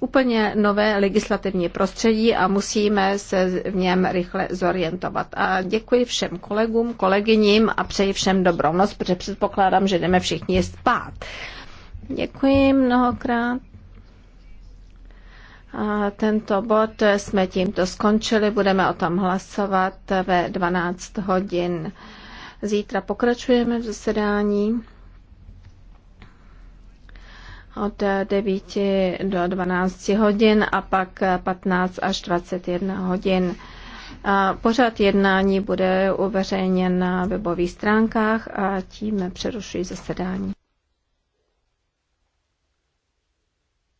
úplně nové legislativní prostředí a musíme se v něm rychle zorientovat. A děkuji všem kolegům, kolegyním a přeji všem dobrou noc, protože předpokládám, že jdeme všichni spát. Děkuji mnohokrát. A tento bod jsme tímto skončili, budeme o tom hlasovat ve 12 hodin. Zítra pokračujeme v zasedání od 9 do 12 hodin a pak 15 až 21 hodin. Pořád jednání bude uveřejněn na webových stránkách a tím přerušuji zasedání.